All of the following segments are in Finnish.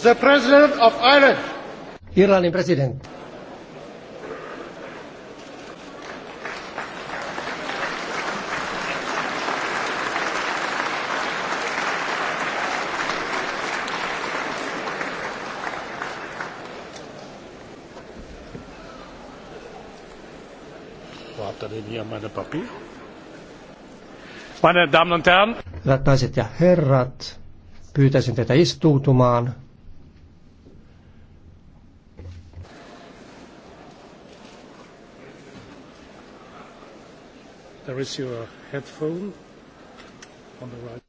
The President of Ireland. Irlannin presidentti. Meine Damen und Herren, hyvät naiset ja herrat, pyytäisin teitä istuutumaan. is your headphone on the right.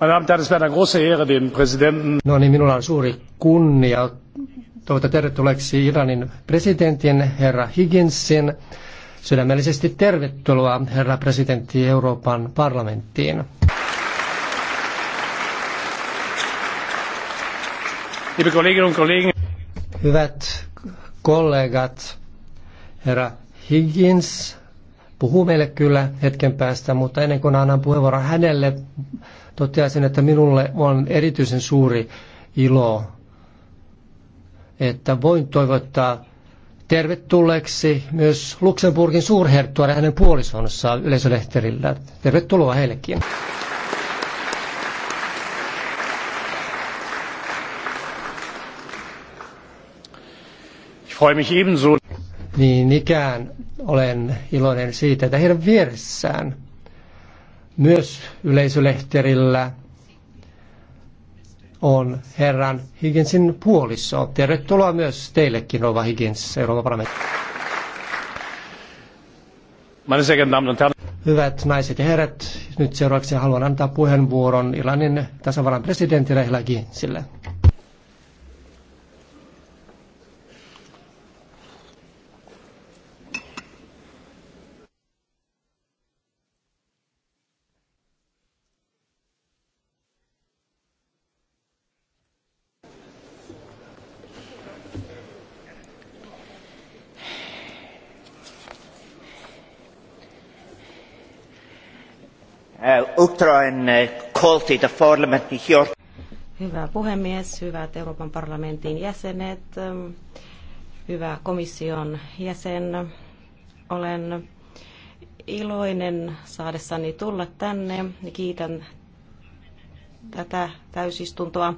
Meine Damen und Herren, es eine große Ehre, den Präsidenten. No niin, minulla on suuri kunnia toivota tervetulleeksi Iranin presidentin herra Higginsin. Sydämellisesti tervetuloa herra presidentti Euroopan parlamenttiin. Hyvät kollegat, herra Higgins puhuu meille kyllä hetken päästä, mutta ennen kuin annan puheenvuoron hänelle, toteaisin, että minulle on erityisen suuri ilo, että voin toivottaa tervetulleeksi myös Luxemburgin suurherttua ja hänen puolisonsa yleisölehterillä. Tervetuloa heillekin. Ich freue mich ebenso niin ikään olen iloinen siitä, että heidän vieressään myös yleisölehterillä on herran Higginsin puoliso. Tervetuloa myös teillekin, Rova Higgins, Euroopan parlamentti. Hyvät naiset ja herrat, nyt seuraavaksi haluan antaa puheenvuoron Irlannin tasavallan presidentille Higginsille. Utraen uh, Hyvä puhemies, hyvät Euroopan parlamentin jäsenet, ähm, hyvä komission jäsen. Olen iloinen saadessani tulla tänne. Kiitän tätä täysistuntoa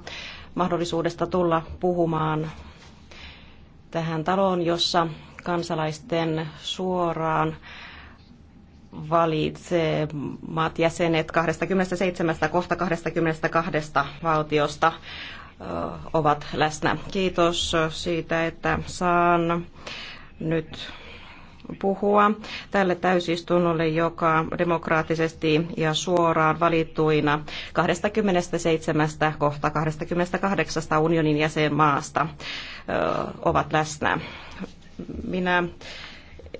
mahdollisuudesta tulla puhumaan tähän taloon, jossa kansalaisten suoraan valitsemat jäsenet 27 kohta 22 valtiosta ovat läsnä. Kiitos siitä, että saan nyt puhua tälle täysistunnolle, joka demokraattisesti ja suoraan valittuina 27 kohta 28 unionin jäsenmaasta ovat läsnä. Minä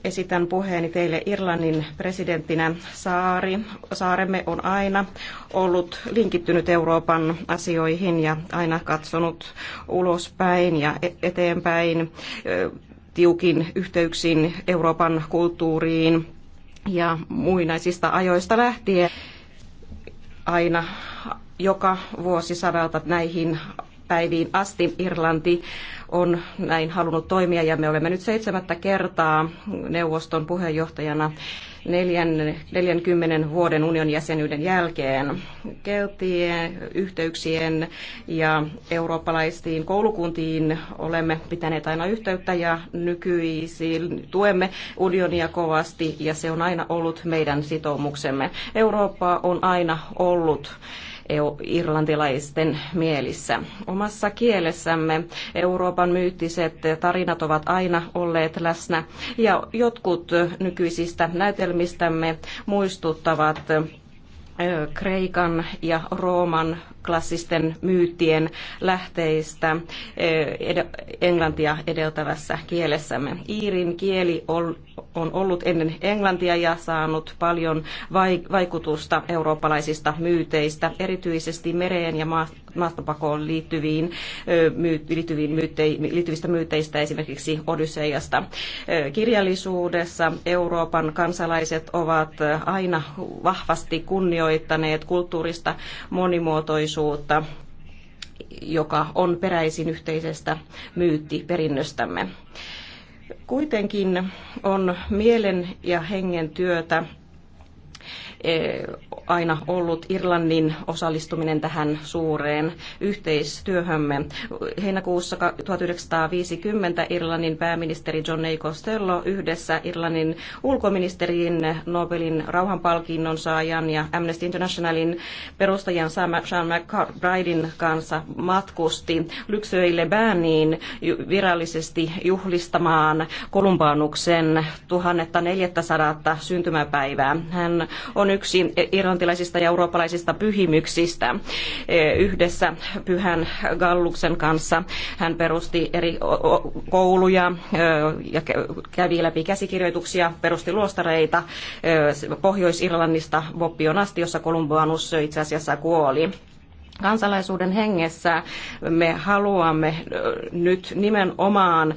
esitän puheeni teille Irlannin presidenttinä saari. Saaremme on aina ollut linkittynyt Euroopan asioihin ja aina katsonut ulospäin ja e- eteenpäin tiukin yhteyksin Euroopan kulttuuriin ja muinaisista ajoista lähtien aina joka vuosisadalta näihin päiviin asti Irlanti on näin halunnut toimia ja me olemme nyt seitsemättä kertaa neuvoston puheenjohtajana 40 vuoden union jäsenyyden jälkeen keltien, yhteyksien ja eurooppalaisiin koulukuntiin olemme pitäneet aina yhteyttä ja nykyisiin tuemme unionia kovasti ja se on aina ollut meidän sitoumuksemme. Eurooppa on aina ollut irlantilaisten mielissä. Omassa kielessämme Euroopan myyttiset tarinat ovat aina olleet läsnä ja jotkut nykyisistä näytelmistämme muistuttavat Kreikan ja Rooman klassisten myyttien lähteistä englantia edeltävässä kielessämme. Iirin kieli on ollut ennen englantia ja saanut paljon vaikutusta eurooppalaisista myyteistä, erityisesti mereen ja maastopakoon liittyviin, liittyviin myytte, liittyvistä myyteistä, esimerkiksi Odysseijasta. Kirjallisuudessa Euroopan kansalaiset ovat aina vahvasti kunnioittaneet kunnioittaneet kulttuurista monimuotoisuutta, joka on peräisin yhteisestä myyttiperinnöstämme. Kuitenkin on mielen ja hengen työtä aina ollut Irlannin osallistuminen tähän suureen yhteistyöhömme. Heinäkuussa 1950 Irlannin pääministeri John A. Costello yhdessä Irlannin ulkoministerin Nobelin rauhanpalkinnon saajan ja Amnesty Internationalin perustajan Sean McBridein kanssa matkusti Lyksöille Bääniin virallisesti juhlistamaan Kolumbaanuksen 1400 syntymäpäivää. Hän on yksi Irlannin englantilaisista ja eurooppalaisista pyhimyksistä e, yhdessä Pyhän Galluksen kanssa. Hän perusti eri kouluja e, ja kävi läpi käsikirjoituksia, perusti luostareita e, Pohjois-Irlannista Boppion asti, jossa Kolumbanus itse asiassa kuoli kansalaisuuden hengessä me haluamme nyt nimenomaan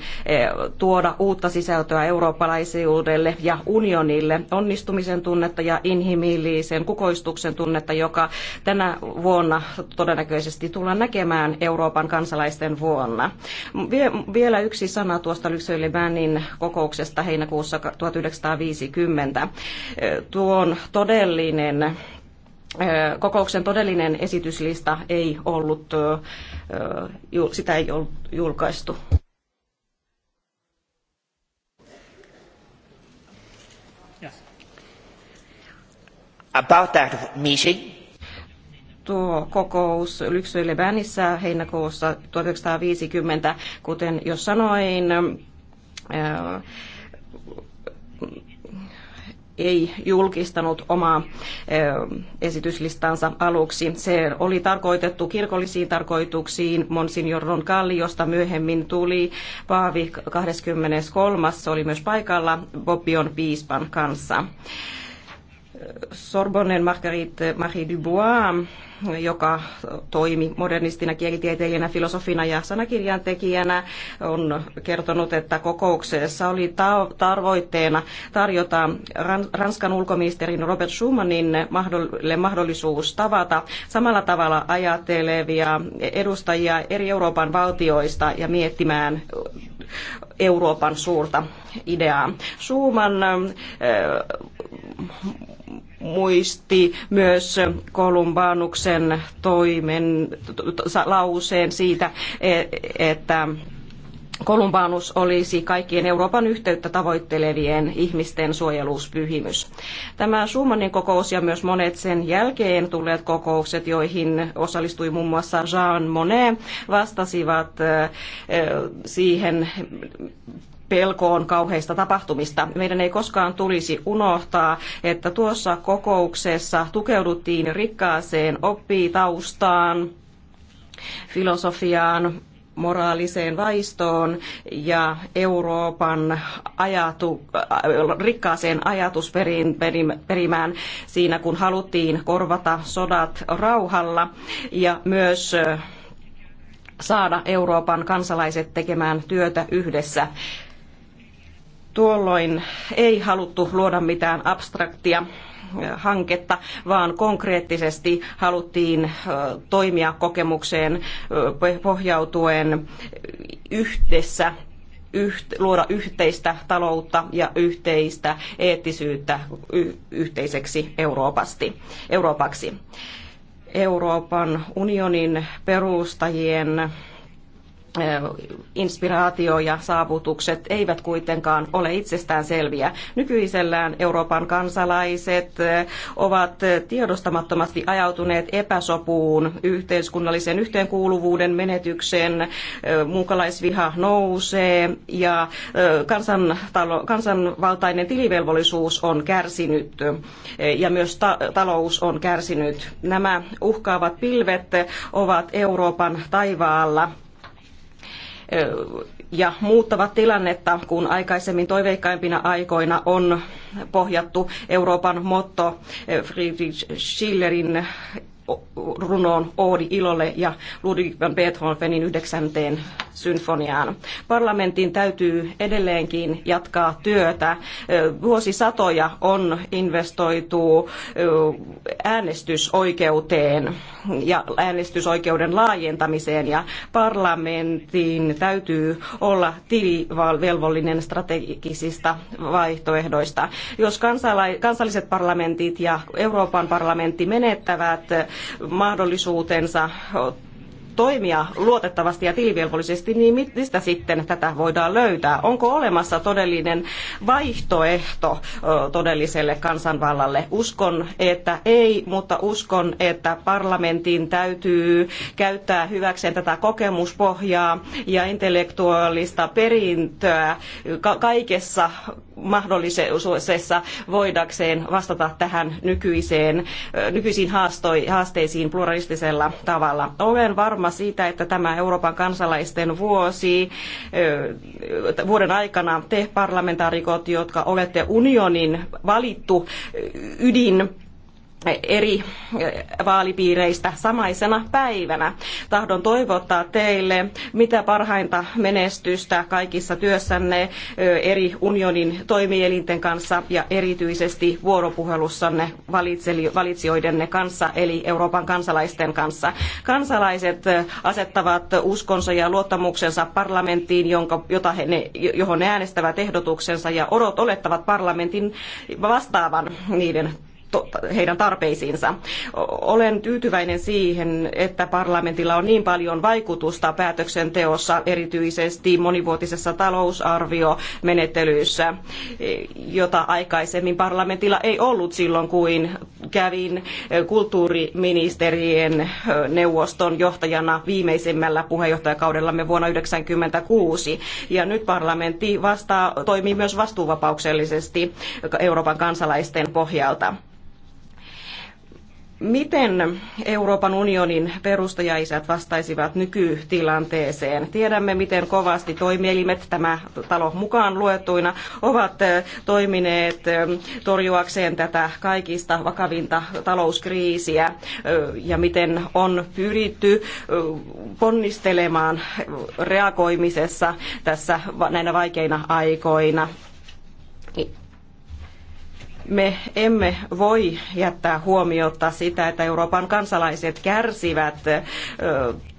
tuoda uutta sisältöä eurooppalaisuudelle ja unionille, onnistumisen tunnetta ja inhimillisen kukoistuksen tunnetta, joka tänä vuonna todennäköisesti tullaan näkemään Euroopan kansalaisten vuonna. vielä yksi sana tuosta Lyksölimänin kokouksesta heinäkuussa 1950. Tuon todellinen kokouksen todellinen esityslista ei ollut, sitä ei ollut julkaistu. About that meeting. Tuo kokous Bänissä heinäkuussa 1950, kuten jo sanoin, ei julkistanut omaa esityslistansa aluksi. Se oli tarkoitettu kirkollisiin tarkoituksiin. Monsignor Roncalli, josta myöhemmin tuli Paavi 23. Se oli myös paikalla Bobbion piispan kanssa. Sorbonnen Marguerite Marie Dubois, joka toimi modernistina kielitieteilijänä, filosofina ja sanakirjan tekijänä, on kertonut, että kokouksessa oli ta- tarvoitteena tarjota Ranskan ulkoministerin Robert Schumannin mahdollisuus tavata samalla tavalla ajattelevia edustajia eri Euroopan valtioista ja miettimään Euroopan suurta ideaa. Suuman äh, muisti myös Kolumbaanuksen toimen lauseen siitä, e, että Kolumbanus olisi kaikkien Euroopan yhteyttä tavoittelevien ihmisten suojeluspyhimys. Tämä Schumannin kokous ja myös monet sen jälkeen tulleet kokoukset, joihin osallistui muun muassa Jean Monnet, vastasivat siihen pelkoon kauheista tapahtumista. Meidän ei koskaan tulisi unohtaa, että tuossa kokouksessa tukeuduttiin rikkaaseen oppitaustaan, filosofiaan, moraaliseen vaistoon ja Euroopan ajatu, äh, rikkaaseen ajatusperimään siinä, kun haluttiin korvata sodat rauhalla ja myös äh, saada Euroopan kansalaiset tekemään työtä yhdessä. Tuolloin ei haluttu luoda mitään abstraktia hanketta, vaan konkreettisesti haluttiin toimia kokemukseen pohjautuen yhdessä luoda yhteistä taloutta ja yhteistä eettisyyttä yhteiseksi Euroopasti, Euroopaksi. Euroopan unionin perustajien inspiraatio ja saavutukset eivät kuitenkaan ole itsestään selviä. Nykyisellään Euroopan kansalaiset ovat tiedostamattomasti ajautuneet epäsopuun, yhteiskunnallisen yhteenkuuluvuuden menetykseen, muukalaisviha nousee ja kansanvaltainen tilivelvollisuus on kärsinyt ja myös ta talous on kärsinyt. Nämä uhkaavat pilvet ovat Euroopan taivaalla ja muuttavat tilannetta, kun aikaisemmin toiveikkaimpina aikoina on pohjattu Euroopan motto Friedrich Schillerin runoon Oodi Ilolle ja Ludwig van Beethovenin yhdeksänteen symfoniaan. Parlamentin täytyy edelleenkin jatkaa työtä. Vuosisatoja on investoitu äänestysoikeuteen ja äänestysoikeuden laajentamiseen ja parlamentin täytyy olla tilivelvollinen strategisista vaihtoehdoista. Jos kansalliset parlamentit ja Euroopan parlamentti menettävät mahdollisuutensa toimia luotettavasti ja tilivelvollisesti, niin mistä sitten tätä voidaan löytää? Onko olemassa todellinen vaihtoehto todelliselle kansanvallalle? Uskon, että ei, mutta uskon, että parlamentin täytyy käyttää hyväkseen tätä kokemuspohjaa ja intellektuaalista perintöä kaikessa mahdollisuudessa voidakseen vastata tähän nykyiseen, nykyisiin haasteisiin pluralistisella tavalla. Olen varma, varma siitä, että tämä Euroopan kansalaisten vuosi, vuoden aikana te parlamentaarikot, jotka olette unionin valittu ydin, eri eh, vaalipiireistä samaisena päivänä. Tahdon toivottaa teille mitä parhainta menestystä kaikissa työssänne eh, eri unionin toimielinten kanssa ja erityisesti vuoropuhelussanne valitsijoidenne kanssa eli Euroopan kansalaisten kanssa. Kansalaiset eh, asettavat uskonsa ja luottamuksensa parlamenttiin, jonka, jota he ne, johon ne äänestävät ehdotuksensa ja olettavat parlamentin vastaavan niiden heidän tarpeisiinsa. Olen tyytyväinen siihen, että parlamentilla on niin paljon vaikutusta päätöksenteossa, erityisesti monivuotisessa talousarviomenettelyssä, jota aikaisemmin parlamentilla ei ollut silloin, kuin kävin kulttuuriministerien neuvoston johtajana viimeisimmällä puheenjohtajakaudellamme vuonna 1996. Ja nyt parlamentti vastaa, toimii myös vastuuvapauksellisesti Euroopan kansalaisten pohjalta. Miten Euroopan unionin perustajaisät vastaisivat nykytilanteeseen? Tiedämme, miten kovasti toimielimet, tämä talo mukaan luettuina, ovat eh, toimineet eh, torjuakseen tätä kaikista vakavinta talouskriisiä eh, ja miten on pyritty ponnistelemaan reagoimisessa tässä näinä vaikeina aikoina me emme voi jättää huomiota sitä, että Euroopan kansalaiset kärsivät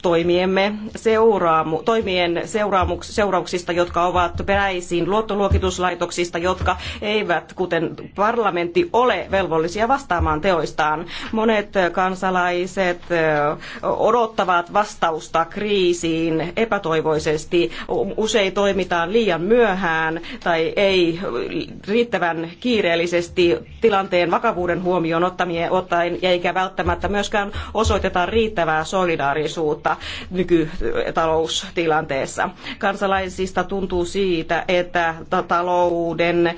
toimiemme seuraamu, toimien seuraamuks, seurauksista, jotka ovat peräisin luottoluokituslaitoksista, jotka eivät, kuten parlamentti, ole velvollisia vastaamaan teoistaan. Monet kansalaiset odottavat vastausta kriisiin epätoivoisesti. Usein toimitaan liian myöhään tai ei riittävän kiireellisesti tilanteen vakavuuden huomioon ottamien, ottaen eikä välttämättä myöskään osoiteta riittävää solidaarisuutta nykytaloustilanteessa. Kansalaisista tuntuu siitä, että talouden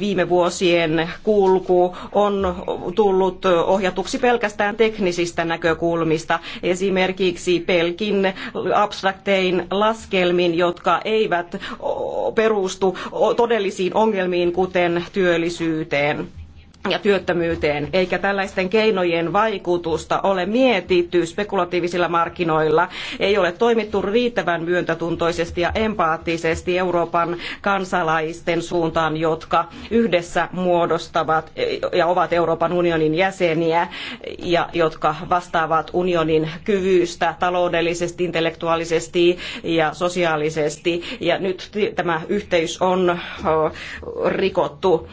viime vuosien kulku on tullut ohjatuksi pelkästään teknisistä näkökulmista, esimerkiksi pelkin abstraktein laskelmin, jotka eivät perustu todellisiin ongelmiin, kuten työllisyyteen työttömyyteen ja työttömyyteen, eikä tällaisten keinojen vaikutusta ole mietitty spekulatiivisilla markkinoilla, ei ole toimittu riittävän myöntätuntoisesti ja empaattisesti Euroopan kansalaisten suuntaan, jotka yhdessä muodostavat ja ovat Euroopan unionin jäseniä ja jotka vastaavat unionin kyvystä taloudellisesti, intellektuaalisesti ja sosiaalisesti. Ja nyt tämä yhteys on rikottu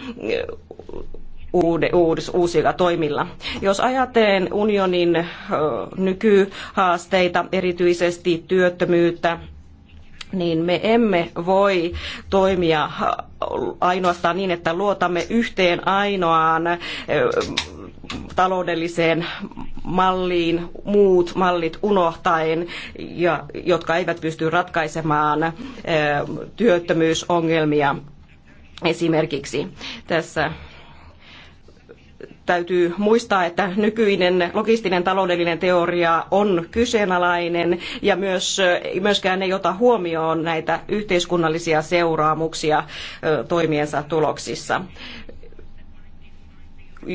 uudis, uusilla toimilla. Jos ajattelen unionin nykyhaasteita, erityisesti työttömyyttä, niin me emme voi toimia ainoastaan niin, että luotamme yhteen ainoaan taloudelliseen malliin muut mallit unohtaen, ja, jotka eivät pysty ratkaisemaan työttömyysongelmia esimerkiksi. Tässä täytyy muistaa, että nykyinen logistinen taloudellinen teoria on kyseenalainen ja myös, myöskään ei ota huomioon näitä yhteiskunnallisia seuraamuksia toimiensa tuloksissa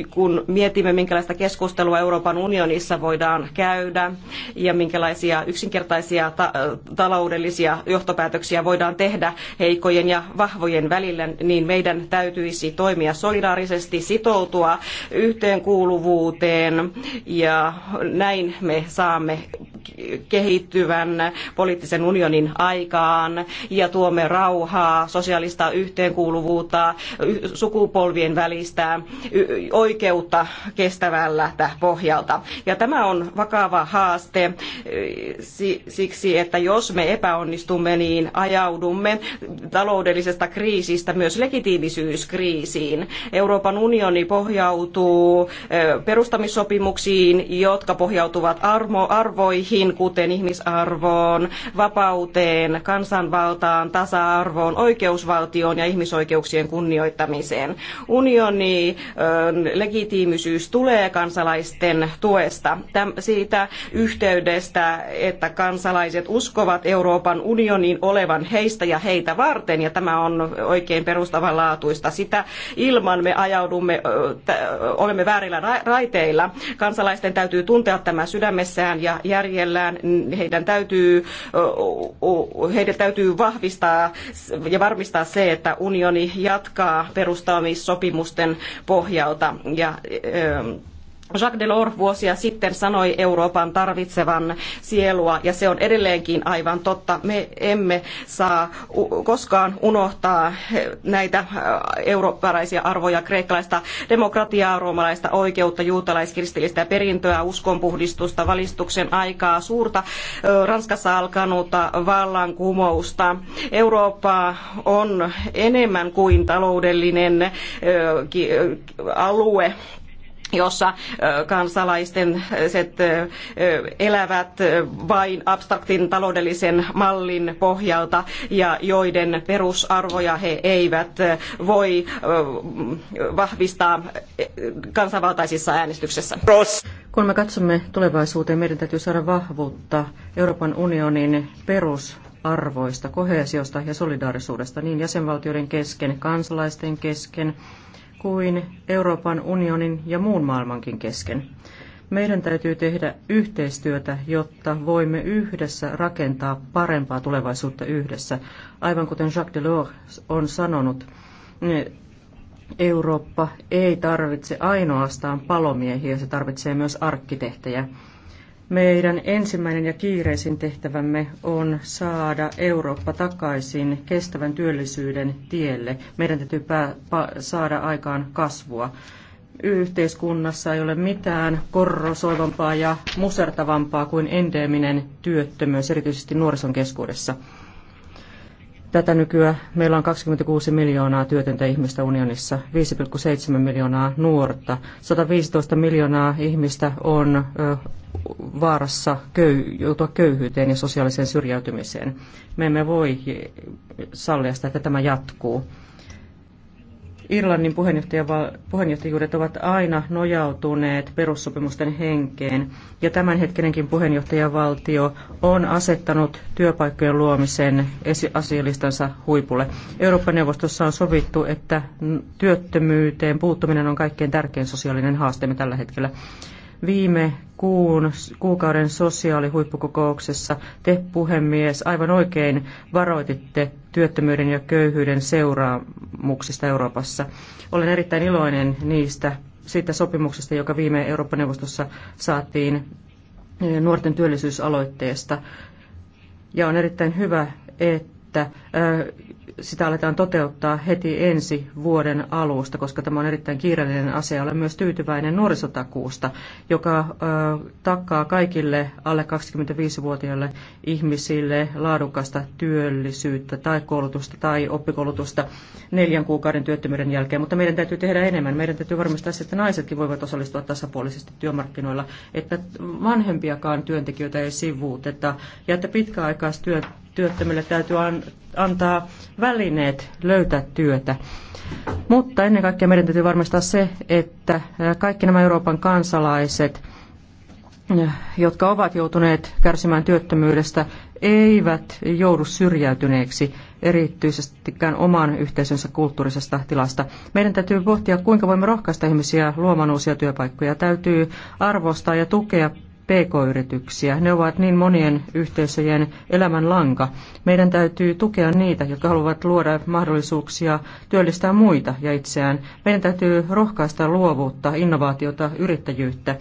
kun mietimme, minkälaista keskustelua Euroopan unionissa voidaan käydä ja minkälaisia yksinkertaisia ta taloudellisia johtopäätöksiä voidaan tehdä heikkojen ja vahvojen välillä, niin meidän täytyisi toimia solidaarisesti, sitoutua yhteenkuuluvuuteen ja näin me saamme kehittyvän poliittisen unionin aikaan ja tuomme rauhaa, sosiaalista yhteenkuuluvuutta, sukupolvien välistä oikeutta kestävältä pohjalta. Ja tämä on vakava haaste eh, siksi, että jos me epäonnistumme, niin ajaudumme taloudellisesta kriisistä myös legitiimisyyskriisiin. Euroopan unioni pohjautuu eh, perustamissopimuksiin, jotka pohjautuvat arvoihin, kuten ihmisarvoon, vapauteen, kansanvaltaan, tasa-arvoon, oikeusvaltioon ja ihmisoikeuksien kunnioittamiseen. Unioni eh, legitiimisyys tulee kansalaisten tuesta, siitä yhteydestä, että kansalaiset uskovat Euroopan unionin olevan heistä ja heitä varten, ja tämä on oikein perustavanlaatuista. Sitä ilman me ajaudumme, olemme väärillä raiteilla. Kansalaisten täytyy tuntea tämä sydämessään ja järjellään. Heidän täytyy, heidän täytyy vahvistaa ja varmistaa se, että unioni jatkaa perustamissopimusten pohjalta ja Jacques Delors vuosia sitten sanoi Euroopan tarvitsevan sielua, ja se on edelleenkin aivan totta. Me emme saa koskaan unohtaa näitä äh, eurooppalaisia arvoja, kreikkalaista demokratiaa, roomalaista oikeutta, juutalaiskristillistä perintöä, uskonpuhdistusta, valistuksen aikaa, suurta Ranskassa alkanutta vallankumousta. Eurooppa on enemmän kuin taloudellinen alue jossa kansalaisten elävät vain abstraktin taloudellisen mallin pohjalta ja joiden perusarvoja he eivät voi vahvistaa kansanvaltaisissa äänestyksissä. Kun me katsomme tulevaisuuteen, meidän täytyy saada vahvuutta Euroopan unionin perus arvoista, koheesiosta ja solidaarisuudesta niin jäsenvaltioiden kesken, kansalaisten kesken, kuin Euroopan unionin ja muun maailmankin kesken. Meidän täytyy tehdä yhteistyötä, jotta voimme yhdessä rakentaa parempaa tulevaisuutta yhdessä. Aivan kuten Jacques Delors on sanonut, Eurooppa ei tarvitse ainoastaan palomiehiä, se tarvitsee myös arkkitehtejä. Meidän ensimmäinen ja kiireisin tehtävämme on saada Eurooppa takaisin kestävän työllisyyden tielle. Meidän täytyy saada aikaan kasvua. Yhteiskunnassa ei ole mitään korrosoivampaa ja musertavampaa kuin endeeminen työttömyys, erityisesti nuorison keskuudessa. Tätä nykyään meillä on 26 miljoonaa työtöntä ihmistä unionissa, 5,7 miljoonaa nuorta, 115 miljoonaa ihmistä on vaarassa köy- joutua köyhyyteen ja sosiaaliseen syrjäytymiseen. Me emme voi sallia sitä, että tämä jatkuu. Irlannin puheenjohtajuudet ovat aina nojautuneet perussopimusten henkeen, ja tämänhetkinenkin puheenjohtajavaltio on asettanut työpaikkojen luomisen asialistansa huipulle. Euroopan neuvostossa on sovittu, että työttömyyteen puuttuminen on kaikkein tärkein sosiaalinen haasteemme tällä hetkellä viime kuun, kuukauden sosiaalihuippukokouksessa te puhemies aivan oikein varoititte työttömyyden ja köyhyyden seuraamuksista Euroopassa. Olen erittäin iloinen niistä siitä sopimuksesta, joka viime Euroopan neuvostossa saatiin e, nuorten työllisyysaloitteesta. Ja on erittäin hyvä, että sitä aletaan toteuttaa heti ensi vuoden alusta, koska tämä on erittäin kiireellinen asia. Olen myös tyytyväinen nuorisotakuusta, joka takaa kaikille alle 25-vuotiaille ihmisille laadukasta työllisyyttä tai koulutusta tai oppikoulutusta neljän kuukauden työttömyyden jälkeen. Mutta meidän täytyy tehdä enemmän. Meidän täytyy varmistaa, että naisetkin voivat osallistua tasapuolisesti työmarkkinoilla, että vanhempiakaan työntekijöitä ei sivuuteta ja että pitkäaikaistyöt työttömille täytyy antaa välineet löytää työtä. Mutta ennen kaikkea meidän täytyy varmistaa se, että kaikki nämä Euroopan kansalaiset, jotka ovat joutuneet kärsimään työttömyydestä, eivät joudu syrjäytyneeksi erityisestikään oman yhteisönsä kulttuurisesta tilasta. Meidän täytyy pohtia, kuinka voimme rohkaista ihmisiä luomaan uusia työpaikkoja. Täytyy arvostaa ja tukea PK-yrityksiä. Ne ovat niin monien yhteisöjen elämän lanka. Meidän täytyy tukea niitä, jotka haluavat luoda mahdollisuuksia työllistää muita ja itseään. Meidän täytyy rohkaista luovuutta, innovaatiota, yrittäjyyttä.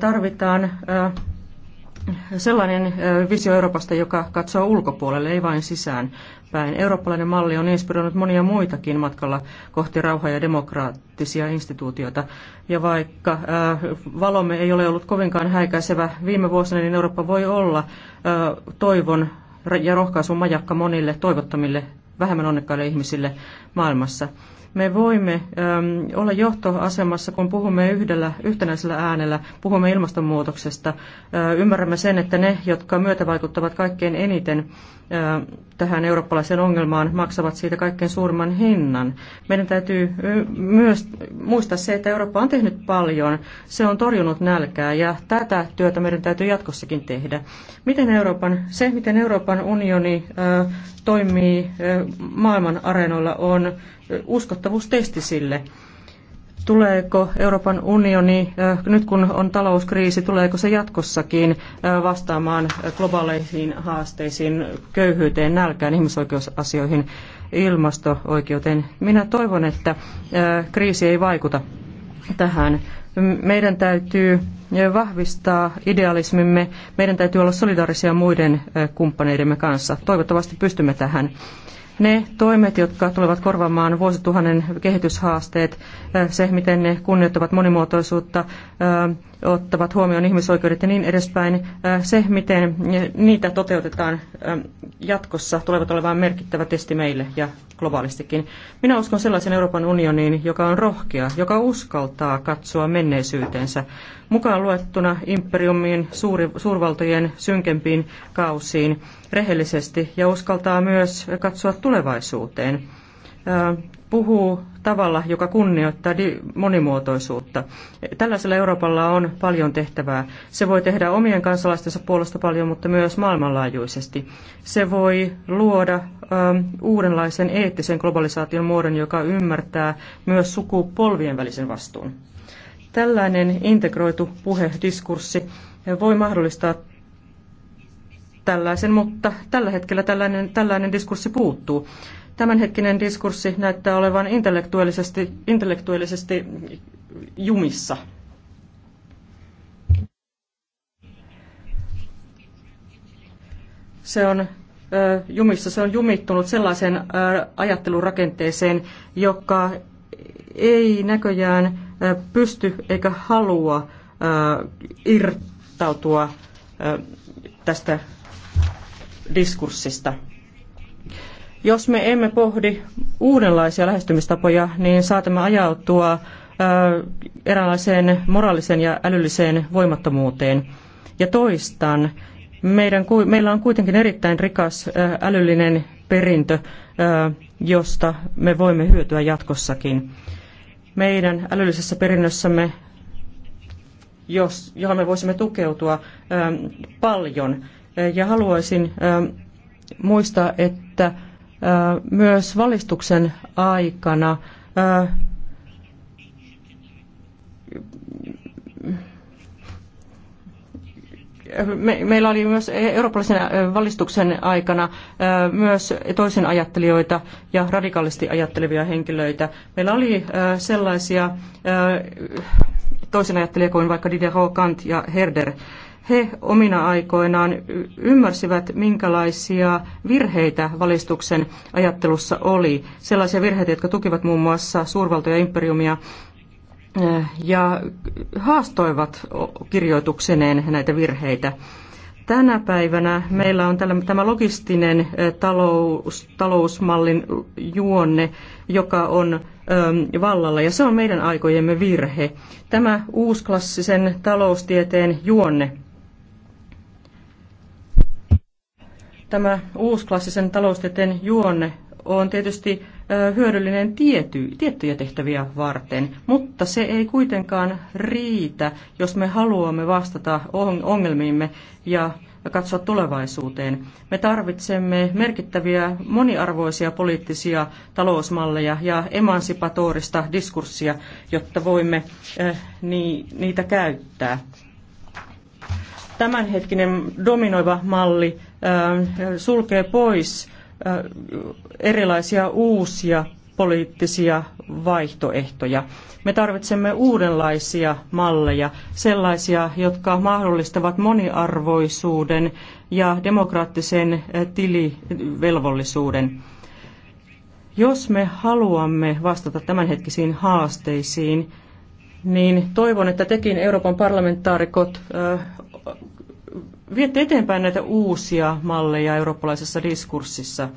Tarvitaan sellainen visio Euroopasta, joka katsoo ulkopuolelle, ei vain sisään päin. Eurooppalainen malli on inspiroinut monia muitakin matkalla kohti rauhaa ja demokraattisia instituutioita. Ja vaikka äh, valomme ei ole ollut kovinkaan häikäisevä viime vuosina, niin Eurooppa voi olla toivon ja rohkaisun majakka monille toivottomille, vähemmän onnekkaille ihmisille maailmassa me voimme äm, olla johtoasemassa, kun puhumme yhdellä yhtenäisellä äänellä, puhumme ilmastonmuutoksesta. Ä, äh, ymmärrämme sen, että ne, jotka myötävaikuttavat kaikkein eniten ä, äh, tähän eurooppalaiseen ongelmaan, maksavat siitä kaikkein suurimman hinnan. Meidän täytyy myös muistaa se, että Eurooppa on tehnyt paljon. Se on torjunut nälkää ja tätä työtä meidän täytyy jatkossakin tehdä. Miten Euroopan, se, miten Euroopan unioni ä, toimii ä, maailman areenoilla, on uskottavuustesti sille. Tuleeko Euroopan unioni, äh, nyt kun on talouskriisi, tuleeko se jatkossakin äh, vastaamaan globaaleihin haasteisiin, köyhyyteen, nälkään, ihmisoikeusasioihin, ilmasto-oikeuteen? Minä toivon, että äh, kriisi ei vaikuta tähän. Meidän täytyy vahvistaa idealismimme, meidän täytyy olla solidaarisia muiden kumppaneidemme kanssa. Toivottavasti pystymme tähän. Ne toimet, jotka tulevat korvaamaan vuosituhannen kehityshaasteet, se miten ne kunnioittavat monimuotoisuutta, ottavat huomioon ihmisoikeudet ja niin edespäin. Äh, se, miten niitä toteutetaan äh, jatkossa, tulevat olemaan merkittävä testi meille ja globaalistikin. Minä uskon sellaisen Euroopan unioniin, joka on rohkea, joka uskaltaa katsoa menneisyytensä, mukaan luettuna imperiumiin, suuri, suurvaltojen synkempiin kausiin, rehellisesti ja uskaltaa myös katsoa tulevaisuuteen äh, puhuu tavalla, joka kunnioittaa monimuotoisuutta. Tällaisella Euroopalla on paljon tehtävää. Se voi tehdä omien kansalaistensa puolesta paljon, mutta myös maailmanlaajuisesti. Se voi luoda äm, uudenlaisen eettisen globalisaation muodon, joka ymmärtää myös sukupolvien välisen vastuun. Tällainen integroitu puhediskurssi voi mahdollistaa tällaisen, mutta tällä hetkellä tällainen, tällainen diskurssi puuttuu tämänhetkinen diskurssi näyttää olevan intellektuellisesti, intellektuellisesti jumissa. Se on jumissa, se on jumittunut sellaiseen ajattelurakenteeseen, joka ei näköjään pysty eikä halua irtautua tästä diskurssista. Jos me emme pohdi uudenlaisia lähestymistapoja, niin saatamme ajautua eräänlaiseen moraaliseen ja älylliseen voimattomuuteen. Ja toistan, meidän, meillä on kuitenkin erittäin rikas älyllinen perintö, josta me voimme hyötyä jatkossakin. Meidän älyllisessä perinnössämme, jos, johon me voisimme tukeutua paljon. Ja haluaisin muistaa, että myös valistuksen aikana meillä oli myös eurooppalaisen valistuksen aikana myös toisen ajattelijoita ja radikaalisti ajattelevia henkilöitä. Meillä oli sellaisia toisen ajattelijoita kuin vaikka Diderot, Kant ja Herder, he omina aikoinaan ymmärsivät, minkälaisia virheitä valistuksen ajattelussa oli. Sellaisia virheitä, jotka tukivat muun muassa suurvaltoja imperiumia eh, ja haastoivat kirjoituksineen näitä virheitä. Tänä päivänä meillä on tämä logistinen eh, talous, talousmallin juonne, joka on ehm, vallalla, ja se on meidän aikojemme virhe. Tämä uusklassisen taloustieteen juonne tämä uusklassisen taloustieteen juonne on tietysti hyödyllinen tiety, tiettyjä tehtäviä varten, mutta se ei kuitenkaan riitä, jos me haluamme vastata ongelmiimme ja katsoa tulevaisuuteen. Me tarvitsemme merkittäviä moniarvoisia poliittisia talousmalleja ja emansipatorista diskurssia, jotta voimme niitä käyttää tämänhetkinen dominoiva malli sulkee pois erilaisia uusia poliittisia vaihtoehtoja. Me tarvitsemme uudenlaisia malleja, sellaisia, jotka mahdollistavat moniarvoisuuden ja demokraattisen tilivelvollisuuden. Jos me haluamme vastata tämänhetkisiin haasteisiin, niin toivon, että tekin Euroopan parlamentaarikot viette eteenpäin näitä uusia malleja eurooppalaisessa diskurssissa –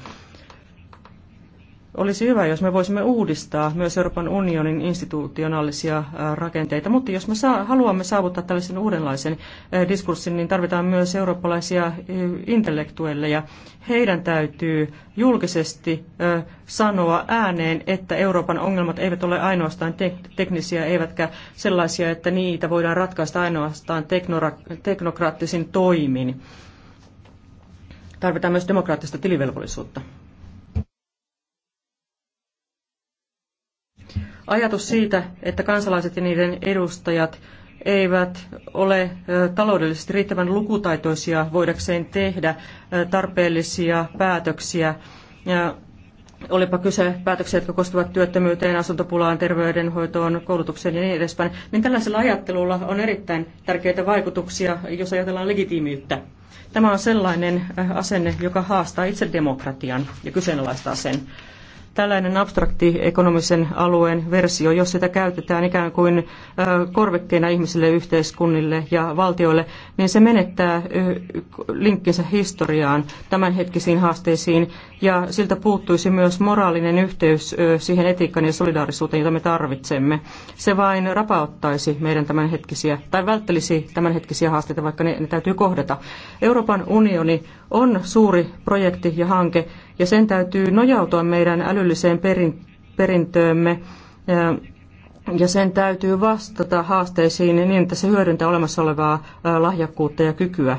olisi hyvä, jos me voisimme uudistaa myös Euroopan unionin institutionaalisia äh, rakenteita, mutta jos me saa, haluamme saavuttaa tällaisen uudenlaisen äh, diskurssin, niin tarvitaan myös eurooppalaisia äh, intellektuelleja. Heidän täytyy julkisesti sanoa ääneen, että Euroopan ongelmat eivät ole ainoastaan teknisiä, eivätkä sellaisia, että niitä voidaan ratkaista ainoastaan teknokraattisin toimin. Tarvitaan myös demokraattista tilivelvollisuutta. Ajatus siitä, että kansalaiset ja niiden edustajat eivät ole taloudellisesti riittävän lukutaitoisia voidakseen tehdä tarpeellisia päätöksiä, ja olipa kyse päätöksiä, jotka koskevat työttömyyteen, asuntopulaan, terveydenhoitoon, koulutukseen ja niin edespäin, niin tällaisella ajattelulla on erittäin tärkeitä vaikutuksia, jos ajatellaan legitiimiyttä. Tämä on sellainen asenne, joka haastaa itse demokratian ja kyseenalaistaa sen tällainen abstrakti ekonomisen alueen versio, jos sitä käytetään ikään kuin korvekkeena ihmisille, yhteiskunnille ja valtioille, niin se menettää linkkinsä historiaan, tämänhetkisiin haasteisiin, ja siltä puuttuisi myös moraalinen yhteys siihen etiikkaan ja solidaarisuuteen, jota me tarvitsemme. Se vain rapauttaisi meidän tämänhetkisiä, tai välttelisi tämänhetkisiä haasteita, vaikka ne, ne täytyy kohdata. Euroopan unioni on suuri projekti ja hanke, ja sen täytyy nojautua meidän älylliseen perintöömme ja sen täytyy vastata haasteisiin niin, että se hyödyntää olemassa olevaa lahjakkuutta ja kykyä.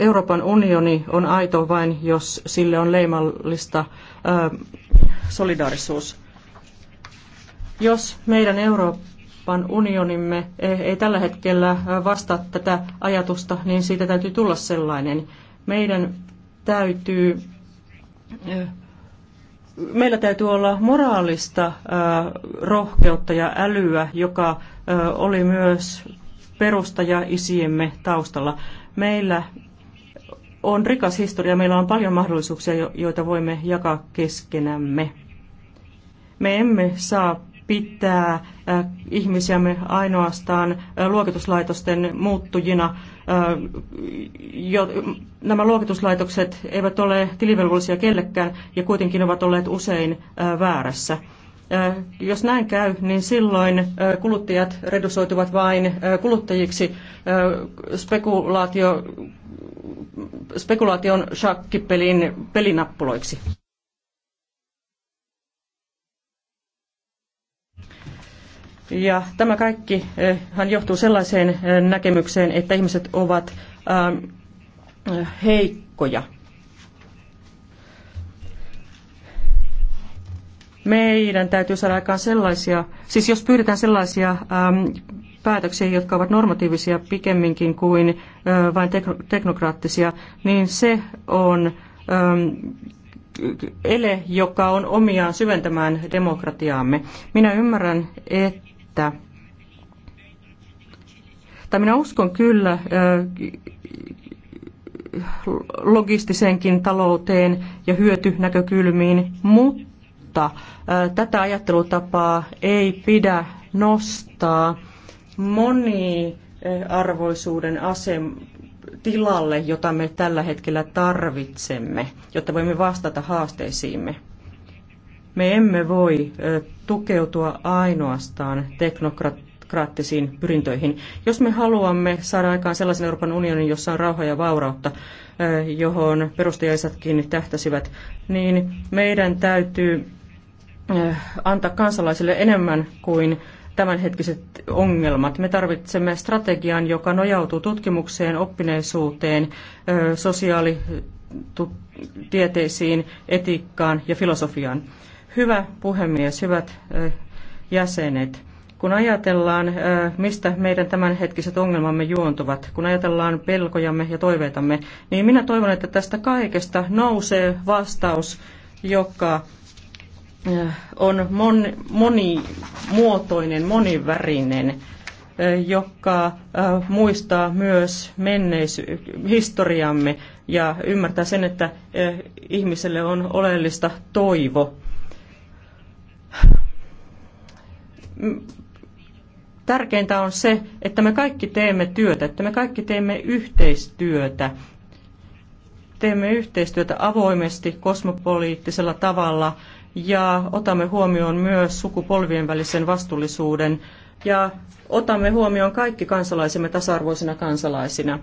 Euroopan unioni on aito vain, jos sille on leimallista solidaarisuus. Jos meidän Euroopan unionimme ei tällä hetkellä vastaa tätä ajatusta, niin siitä täytyy tulla sellainen. Meidän täytyy meillä täytyy olla moraalista rohkeutta ja älyä, joka oli myös perustaja isiemme taustalla. Meillä on rikas historia, meillä on paljon mahdollisuuksia, joita voimme jakaa keskenämme. Me emme saa pitää äh, ihmisiämme ainoastaan äh, luokituslaitosten muuttujina. Äh, nämä luokituslaitokset eivät ole tilivelvollisia kellekään ja kuitenkin ovat olleet usein väärässä. Jos näin käy, niin silloin kuluttajat redusoituvat vain kuluttajiksi spekulaatio, spekulaation shakkipelin pelinappuloiksi. Ja tämä kaikkihan eh, johtuu sellaiseen eh, näkemykseen, että ihmiset ovat ähm, heikkoja. Meidän täytyy saada aikaan sellaisia, siis jos pyydetään sellaisia ähm, päätöksiä, jotka ovat normatiivisia pikemminkin kuin äh, vain teknokraattisia, niin se on ähm, ele, joka on omiaan syventämään demokratiaamme. Minä ymmärrän, että että tai minä uskon kyllä logistisenkin talouteen ja hyötynäkökylmiin, mutta tätä ajattelutapaa ei pidä nostaa moniarvoisuuden asem tilalle, jota me tällä hetkellä tarvitsemme, jotta voimme vastata haasteisiimme. Me emme voi tukeutua ainoastaan teknokraattisiin pyrintöihin. Jos me haluamme saada aikaan sellaisen Euroopan unionin, jossa on rauha ja vaurautta, johon perustajaisatkin tähtäsivät, niin meidän täytyy antaa kansalaisille enemmän kuin tämänhetkiset ongelmat. Me tarvitsemme strategian, joka nojautuu tutkimukseen, oppineisuuteen, sosiaalitieteisiin, etiikkaan ja filosofiaan. Hyvä puhemies, hyvät jäsenet. Kun ajatellaan, mistä meidän tämänhetkiset ongelmamme juontuvat, kun ajatellaan pelkojamme ja toiveitamme, niin minä toivon, että tästä kaikesta nousee vastaus, joka on monimuotoinen, monivärinen, joka muistaa myös menneisy- historiamme ja ymmärtää sen, että ihmiselle on oleellista toivo Tärkeintä on se, että me kaikki teemme työtä, että me kaikki teemme yhteistyötä. Teemme yhteistyötä avoimesti, kosmopoliittisella tavalla ja otamme huomioon myös sukupolvien välisen vastuullisuuden ja otamme huomioon kaikki kansalaisemme tasa-arvoisina kansalaisina.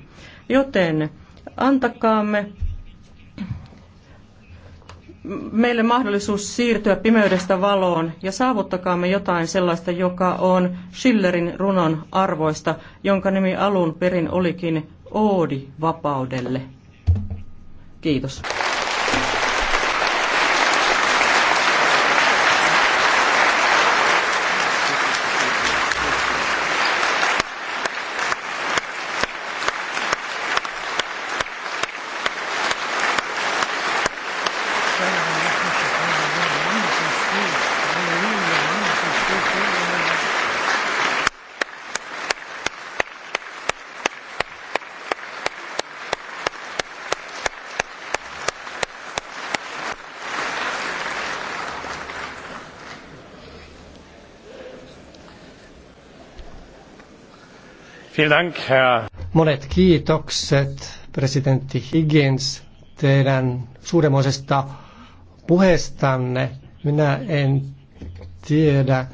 Joten antakaamme meille mahdollisuus siirtyä pimeydestä valoon ja saavuttakaamme jotain sellaista, joka on Schillerin runon arvoista, jonka nimi alun perin olikin Oodi vapaudelle. Kiitos. Monet kiitokset, presidentti Higgins, teidän suuremmoisesta puheestanne. Minä en tiedä,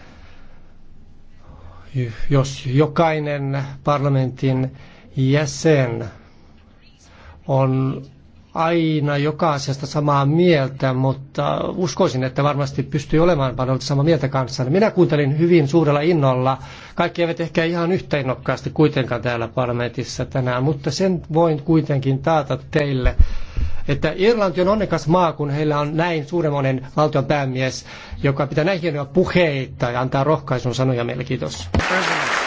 jos jokainen parlamentin jäsen on aina joka asiasta samaa mieltä, mutta uskoisin, että varmasti pystyy olemaan paljon samaa mieltä kanssani. Minä kuuntelin hyvin suurella innolla. Kaikki eivät ehkä ihan yhtä innokkaasti kuitenkaan täällä parlamentissa tänään, mutta sen voin kuitenkin taata teille, että Irlanti on onnekas maa, kun heillä on näin suuremmoinen valtion päämies, joka pitää näin hienoja puheita ja antaa rohkaisun sanoja meille. Kiitos. President.